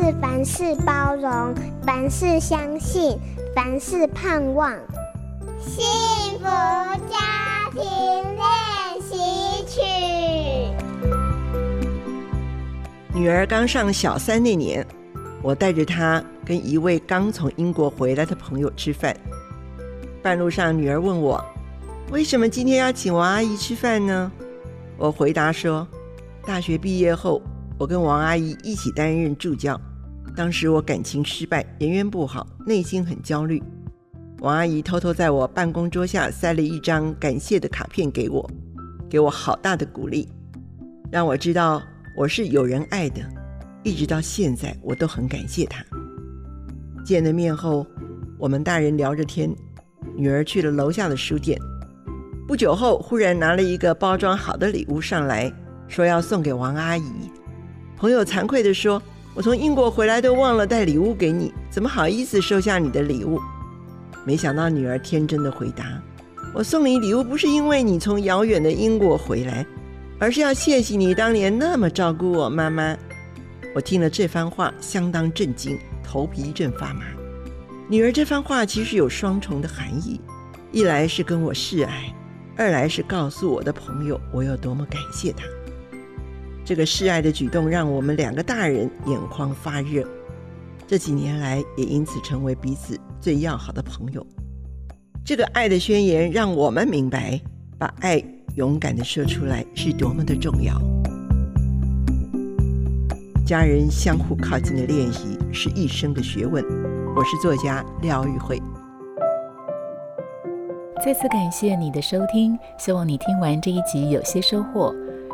是凡事包容，凡事相信，凡事盼望。幸福家庭練習曲。女兒剛上小三那年，我帶着她跟一位剛從英國回來的朋友吃飯。半路上，女兒問我：“為什麼今天要請王阿姨吃飯呢？”我回答說：“大學畢業後，”我跟王阿姨一起擔任助教，當時我感情失敗，人緣不好，內心很焦慮。王阿姨偷偷在我辦公桌下塞了一張感謝的卡片給我，給我好大的鼓勵，讓我知道我是有人愛的。一直到現在，我都很感謝她。見了面後，我們大人聊着天，女兒去了樓下的書店。不久後，忽然拿了一個包裝好的禮物上來說要送給王阿姨。朋友慚愧地說：“我從英國回來都忘了帶禮物給你，怎麼好意思收下你的禮物？”沒想到女兒天真地回答：“我送你禮物不是因為你從遙遠的英國回來，而是要謝謝你當年那麼照顧我媽媽。”我聽了這番話，相當震驚，頭皮一陣發麻。女兒這番話其實有雙重的含義：一來是跟我示愛，二來是告訴我的朋友我有多麼感謝他。這個示愛的舉動讓我們兩個大人眼眶發熱，這幾年來也因此成為彼此最要好的朋友。這個愛的宣言讓我們明白，把愛勇敢的說出來是多麼的重要。家人相互靠近的練習是一生的學問。我是作家廖玉蕙，再次感謝你的收聽，希望你聽完這一集有些收穫。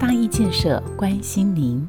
大毅建設關心您。